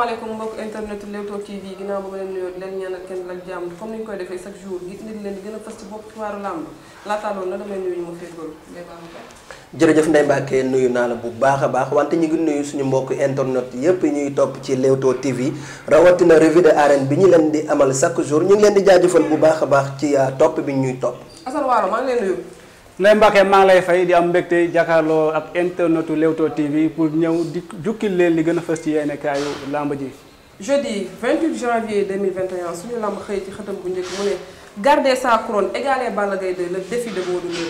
asalaamaaleykum mbokk internet Leewtoo TV ginnaaw ba ma leen nuyoo di leen ñaanal kenn lal jàmm comme ni ñu koy defee chaque jour gi nit leen di gën a fës ci bopp xibaaru làmb laataa loolu na damay nuyu ñu ma feggool jërëjëf Ndeye Mbacke nuyu naa la bu baax a baax wante ñu ngi nuyu suñu mbokk internet yépp ñuy topp ci Leewtoo TV rawatina revue de arène bi ñu leen di amal chaque jour ñu ngi leen di jaajëfal bu baax a baax ci ah, topp bi ñuy topp asal waalo maa ngi leen nuyu Ndeye Mbacke maa lay fay di am mbégte jàkkaarloo ak internetu Leewtoo TV pour ñëw dikk jukkil leen li gën a fas ci yenn kaayu làmb ji. jeudi 28 janvier 2021 suñu làmb xëy ci xëtam bu njëkk mu ne garder sa couronne égaler Balla gay 2 le défi de Modou Lô.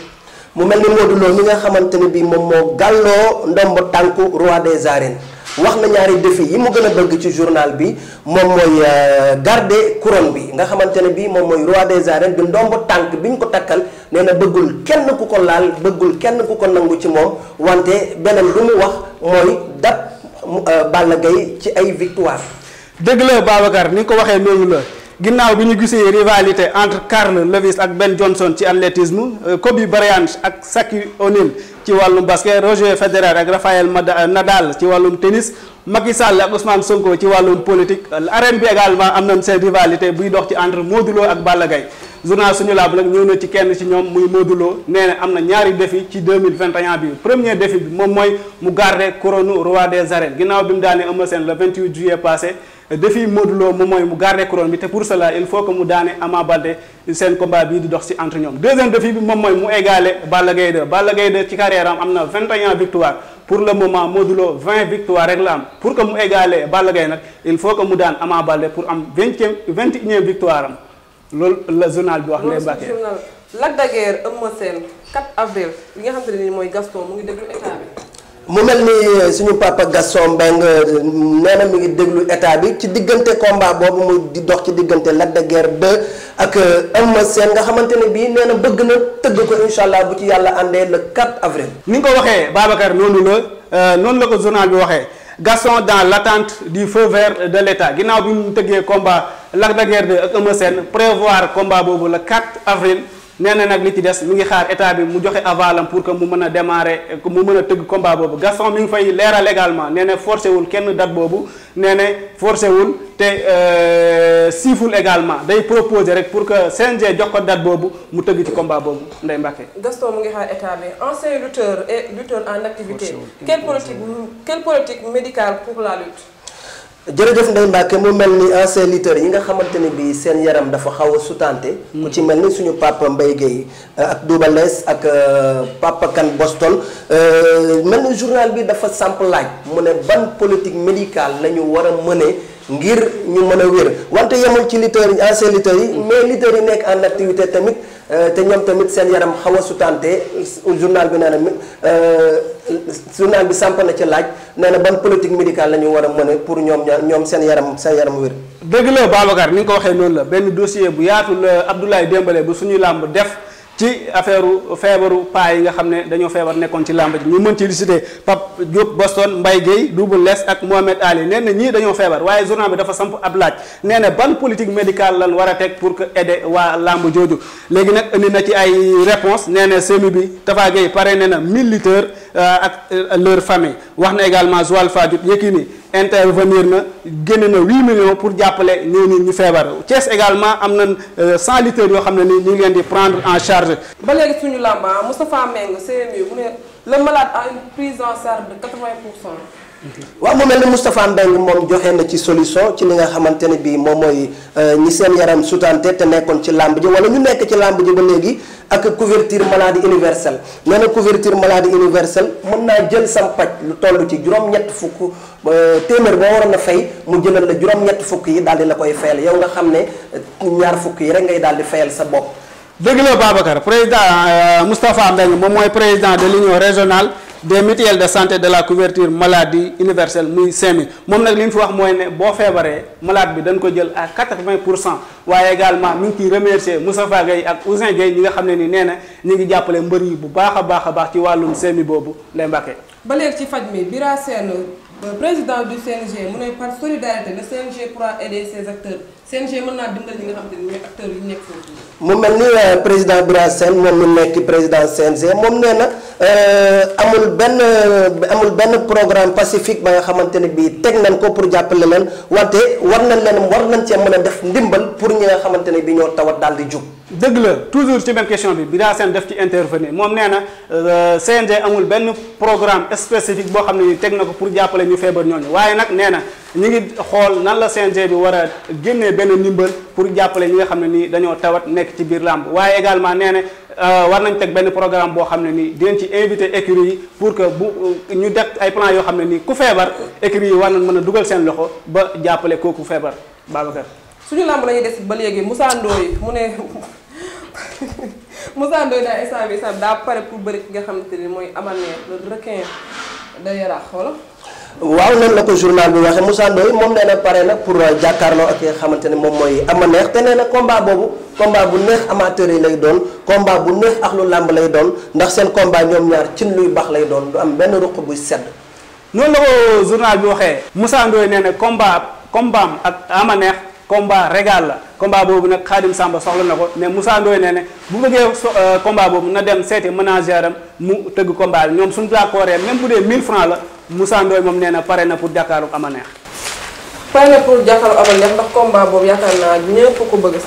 mu mel ni Modou Lô mi nga xamante ne bii moom moo gàlloo ndomb tànku roi des arènes. wax na ñaari défi yi mu gën a bëgg ci journal bi moom mooy euh, garder couronne bi nga xamante ne bii moom mooy roi des arènes bi ndomb tànk bi ñu ko takkal nee na bëggul kenn ku ko laal bëggul kenn ku ko nangu ci moom wante beneen bi mu wax mooy dab euh, Balla Gaye ci ay victoire. dëgg la Babacar ni nga ko waxee noonu la. ginnaaw bi ñu gisee rivalité entre Carl Lewis ak Ben Johnson ci athlétisme euh, Kobe Bryant ak Shaquille O'Neal ci wàllum basket Roger Federer ak Rafael euh, Nadal ci wàllum tennis Macky Sall ak Ousmane Sonko ci wàllum politique arène bi également am nañ seen rivalité buy dox ci entre Modou Lo ak Balla Gaye journal suñu laab nag ñëw na ci kenn ci ñoom muy Modou Lo nee na am na ñaari défi ci 2021 bi premier défi bi moom mooy mu garder couronne roi des arènes ginnaaw bi mu daanee Eumeu Sène le 28 juillet passé défi Modou Lo moom mooy mu garder couronne bi te pour cela il faut que mu daane Ama Baldé seen combat bii di dox si entre ñoom deuxième défi bi moom mooy mu égaler Balla Gaye 2 Balla Gaye 2 ci carrière am am na 21 victoire pour le moment Modou Lo 20 victoire rek la am pour que mu égaler Balla Gaye nag il faut que mu daan Ama Baldé pour am vingtième vingt et unième victoire am loolu la journal bi wax. Ndeye Mbacké loolu journal Lac de Guiers Eumeu Sène 4 avril mu ngi mu mel ni euh, suñu papa Gaston Mbengue euh, nee na mi ngi déglu état bi ci diggante combat boobu mu di dox ci diggante Lac de Guiers 2 ak euh, Eumeu Sène nga xamante ne bii nee na bëgg na tëgg ko incha allah bu ci yàlla àndee le 4 avril. ni nga ko waxee Babacar noonu la noonu la ko journal bi waxee Gaston dans l'attente du feu vert de l'état ginnaaw bi mu tëggee combat Lac de Guiers 2 ak Eumeu Sène prévoir combat boobu la 4 avril. nee na nag li ci des mi ngi xaar état bi mu joxe avalam pour que mu mën a démarrer mu mën a tëgg combat boobu Gaston mi ngi fay leeral également nee na forcé wul kenn date boobu nee na forcé wul te euh, siiful également day proposer rek pour que CNG jox ko date boobu mu tëgg ci combat boobu Ndeye Mbacke. Gaston mu ngi xaar état bi ancien lutteur et lutteur en activité. quelle politique quelle politique médicale pour la lutte. jërëjëf Ndeye Mbacke mu mel ni ancien lutteur yi nga xamante ni bii seen yaram dafa xaw a sutante. Mm. ku ci mel ni suñu papa Mbaye Guèye euh, ak Douba Less ak euh, papa Kane Boston euh, mel ni journal bi dafa samp laaj mu ne ban politique médical la ñu war a mëne ngir ñu mën a wér wante yemul ci lutteur yi ancien yi mm. mais lutteur yi nekk en activité tamit. Euh, te ñoom tamit seen yaram xaw a sutante journal bi nee na mi euh, journal bi samp na ci laaj nee na ban politique médicale la ñu war a mën pour ñoom ñoom seen yaram seen yaram wér. dëgg la Babacar ni nga ko waxee noonu la benn dossier bu yaatu la Abdoulaye Dembélé bu suñuy làmb def. ci affaire feebaru paa yi nga xam ne dañoo feebar nekkoon ci làmb ji ñu mën ci lisité Pape Diop Boston Mbaye Guèye Double Less ak Mohamed Ali nee na ñii dañoo feebar waaye journal bi dafa samp ab laaj nee na ban politique médicale lan war a teg pour que aider waa làmb jooju léegi nag indi na ci ay réponse nee na semi bi Tafa Guèye pare nee na 1000 Euh, ak euh, leur famille wax na également Joal Fadiouth Yékini intervenir na génn na huit millions pour jàppale nii nii ñu feebar Thiès également am na euh, cent litres yoo xam ne ni ñu ngi leen di prendre en charge. ba léegi suñu làmba ah, Moustapha Mbengue CMU mu ne le malade a une prise en charge de 80 pour cent. waaw mu mel ni Moustapha Mbengue moom joxe na ci solution ci li nga xamante ne bii moom mooy euh, ñi seen yaram sutante te nekkoon ci làmb ji wala ñu nekk ci làmb ji ba léegi ak couverture maladie universelle nee na couverture maladie universelle mën naa jël sam paj lu toll ci juróom-ñett fukk euh, téeméer boo waroon a fay mu jëlal la juróom-ñett fukk yi daal di la koy fayal yow nga xam ne euh, ñaar fukk yi rek ngay daal di fayal sa bopp. dëgg la Babacar président Moustapha moom mooy président de l'union régionale. des mutuelles de santé de la couverture maladie universelle muy 5000 moom nag li ñu fi wax mooy ne boo feebaree malade bi dañ ko jël à 80 pour cent waaye également mi ngi ciy remercier Moustapha Gueye ak Ousin Gueye ñi nga xam ne ni neena na ngi jàppale mbër yi bu baax a baax a baax ci wàllum seemi boobu lay mbàkkee. ba léegi ci faj mi Bira Sène président du CNG mu ne par solidarité le CNG pourra aider ses acteurs CNG mën naa dimbali ñi mu mel ni euh, président Bira Sène moom mu nekk président CNG moom nee na euh, amul benn euh, amul benn programme pacifique ba nga xamante ne bii teg nañ ko pour jàppale leen wante war nañ leen war nañ cee mën a def ndimbal pour ñi nga xamante ne bii ñoo tawat daal di jug. dëgg la toujours ci même question bi Bira Sène def ci intervenir moom nee na CNG amul benn programme spécifique boo xam ne teg na ko pour jàppale ñu feebar ñooñu waaye nag nee na. ñu ngi xool nan la CNG bi war a génnee benn ndimbal pour jàppale ñi nga xam ne nii dañoo tawat nekk ci biir làmb waaye également nee na euh, war nañ teg benn programme boo xam ne nii dinañ ci invité écurie yi pour que bu euh, ñu def ay plan yoo xam ne nii ku feebar écurie yi war nañ mën a dugal seen loxo ba jàppale kooku feebar Babacar. suñu làmb lañuy des ba léegi Moussa Ndoye mu ne Moussa Ndoye daa instant bi daa pare pour bëri ki nga xamante ne mooy amal ne le requin de Yaraax waaw noonu la ko journal bi waxee Moussa Ndoye moom nee na pare na pour euh, jàkkaarloo ak ki nga xamante ne moom mooy ama neex te nee na combat boobu combat bu neex amateur yi lay doon combat bu neex ak lu làmb lay doon ndax seen combat ñoom ñaar cin luy baax lay doon lu am benn ruq buy sedd. noonu la ko journal bi waxee. Moussa Ndoye nee na combat combat ak ama neex. combat régal la combat boobu nag Xaadim Samba soxla na ko mais Moussa Ndoye nee bu bëggee so euh, combat boobu na dem seeti ménagère am mu tëgg combat bi ñoom suñu d'accordee même bu dee 1000 francs la Moussa moom nee na pare na pour jàkkaaru ama pare na pour jàkkaaru ama neex ndax combat boobu yaakaar naa ñëpp ko bëgg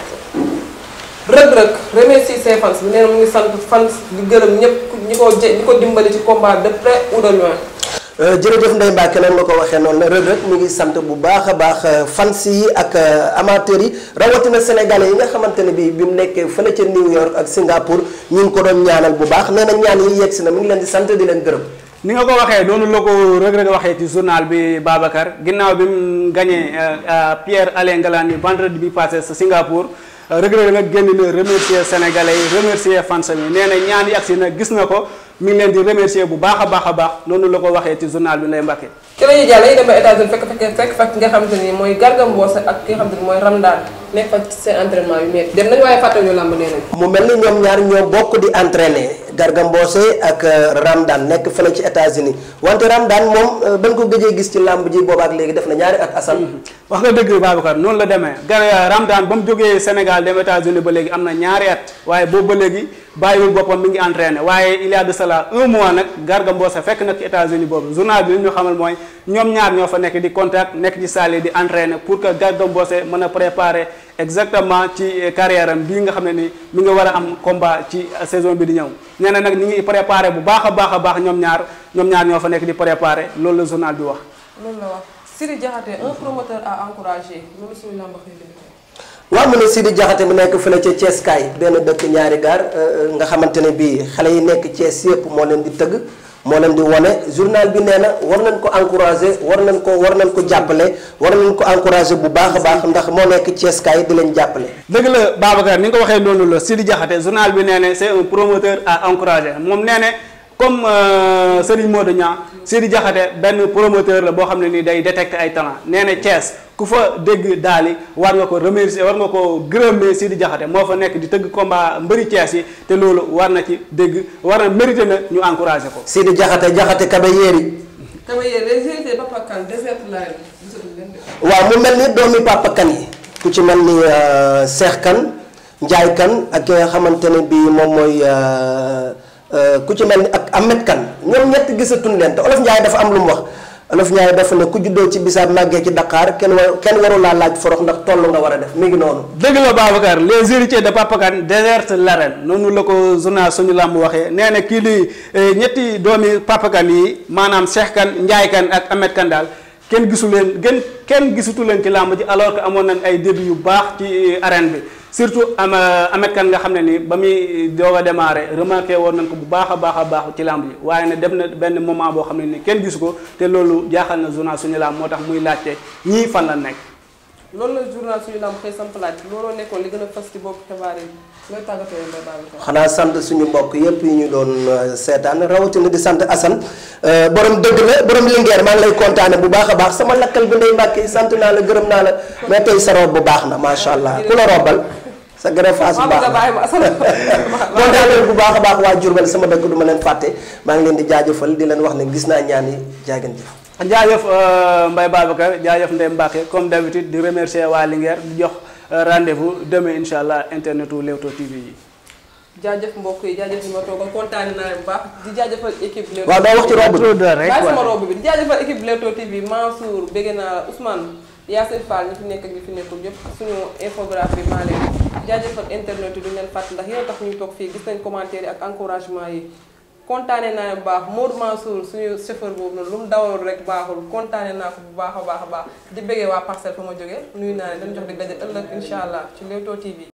Reug Reug remercie ses fans bi nee mu ngi sant fans di gërëm ñëpp ñi ko je ñi ko dimbali ci combat de près ou Euh, jërëjëf Ndeye Mbacke noonu nga ko waxee noonu la Reug mu ngi sant bu baax a baax euh, fans yi ak euh, amateurs yi rawatina sénégalais yi nga xamante ne bi bi mu nekkee fële ca New York ak Singapour ñu ngi ko doon ñaanal bu baax nee na ñaan yi yegg si na mu ngi leen di sant di leen gërëm. ni nga ko waxee noonu la ko Reug Reug waxee ci journal bi Babacar ginnaaw bi mu gagné Pierre Alain yi vendredi bi passé sa Singapour. Reug Reug nga génn na remercier sénégalais yi nee na ñaan yi gis na ko. mi ngi leen di remercier bu baax a baax a baax noonu la ko waxee ci journal bi Ndeye Mbacke. ci la jàll yi dem ba États-Unis fekk fekk fekk nga xam te ni mooy Garga Mbossé ak ki nga xam te ni mooy Ramdan nekk fa seen entraînement yu métti dem nañu waaye fàttewuñu làmb nee nañu. mu mel ni ñoom ñaar ñoo bokk di entraîner. Garga Mbossé ak euh, Ramdan nekk fële ci États-Unis wante Ramdan moom euh, ban ko gëjee gis ci làmb ji boobaak léegi def na ñaari at asan mm-hmm. wax nga dëgg Babacar noonu la demee gar euh, Ramdan ba mu jógee Sénégal dem États-Unis ba léegi am na ñaari at waaye boobu ba léegi bàyyiwul boppam mi ngi entraîné waaye il a de cela un mois nag Garga fekk nag ci états boobu journal bi li ñu xamal mooy ñoom ñaar ñoo fa nekk di contact nekk ci salle di entraîné pour que Garga a exactement ci eh, carrière bii nga xam ne ni mi nga war a am combat ci eh, saison bi di ñëw nee na nag ñu ngi préparé bu baax a baax a baax ñoom ñaar ñoom ñaar ñoo fa nekk di préparé loolu la journal bi wax. loolu la wax Sidi Diakhaté un promoteur à encourager loolu suñu lamb xëy waaw mu ne Sidi Diakhaté mu nekk la ca Thiès kaay benn dëkk ñaari gaar eh, nga xamante ne bii xale yi nekk Thiès yëpp moo leen di tëgg. moo leen di wane journal bi nee na war nañ ko encourager war nañ ko war nañ ko jàppale war nañ ko encourager bu baax a baax ndax moo nekk Thiès kaay di lañ jàppale. dëgg la Babacar ni nga ko waxee noonu la Sidi Diakhaté journal bi nee na c'est un promoteur à encourager moom nee na comme euh, Serigne Modou Niang Sidi Diakhaté benn promoteur la boo xam ne nii day détecter ay talent nee na Thiès ku fa dégg daali war nga ko remercier war nga ko gërëmee Sidi Diakhaté moo fa nekk di tëgg combat mbëri Thiès yi te loolu war na ci dégg war na mérité na ñu encouragé ko. Sidi Diakhaté Diakhaté Kaba Yeri. Kaba Yeri waaw mu mel ni doomi Papa yi ku ci mel ni euh, Cheikh Kane ak ki nga xamante ne bii moom mooy euh, ku ci mel ni. Ahmed Kane ñoom ñett gisatuñ leen te Olof Ndiaye dafa am lu mu wax Olof Ndiaye dafa ne ku juddoo ci bisaab màggee ci Dakar kenn war kenn waru laa laaj forox ndax toll nga war a def mi ngi noonu. dëgg la Babacar les héritiers de Papa Kane désertent l'arène noonu la ko journal suñu làmb waxee nee na kii di eh, ñetti doomi Papa yi maanaam Cheikh Kane Ndiaye ak Ahmed Kane daal. kenn gisu leen gën kenn gisutu leen ci làmb ji alors que amoon nañ ay début yu baax ci eh, arène bi surtout am Amet Kan nga xam ne nii ba muy doog a démarré remarqué woon nañ ko bu baax a baax a baax ci làmb ji waaye ne dem na benn moment boo xam ne nii kenn gisu ko te loolu jaaxal na journal suñu làmb moo tax muy laajte ñii fan la nekk. loolu la journal suñu làmb xëy samp laaj looloo nekkoon li gën a fas ci xanaa sant suñu mbokk yépp yi ñu doon euh, seetaan rawatina di sant Assane euh, borom dëgg la borom lingeer maa ngi lay kontaane bu baax a baax sama lakkal bi ndey mbàkk sant naa la gërëm naa la mais tey sa rob bu baax na macha allah ku la robal sa greffage bu baax kontaan bu baax a baax waa Diourbel sama dëkk du ma leen fàtte maa ngi leen di jaajëfal di leen wax ne gis naa ñaan yi jaageen jëf jaajëf euh, Mbaye Babacar jaajëf Ndeye Mbacke comme d'habitude di remercier waa Linguère di jox euh, rendez-vous demain incha allah internet wu TV yi jaajëf mbokk yi jaajëf ñi ma toogal kontaan naa bu baax di jaajëfal équipe Leewtoo waaw daa wax ci robe bi bàyyi sama robe bi di jaajëfal équipe fi nekk ak ñi fi nekkul yëpp suñu infographie maa leen jaajëfal internet yi duñ leen fàtt ndax yéen tax ñuy toog fii gis nañ commentaire yi ak encouragement yi kontaane naa bu baax Modou Mansour suñu chauffeur boobu noonu lu mu dawal rek baaxul kontaane naa ko bu baax a baax a baax di bëggee waa parcelle fa ma jógee nuyu naa ne dañ jox di daje ëllëg incha allah ci Leewtoo TV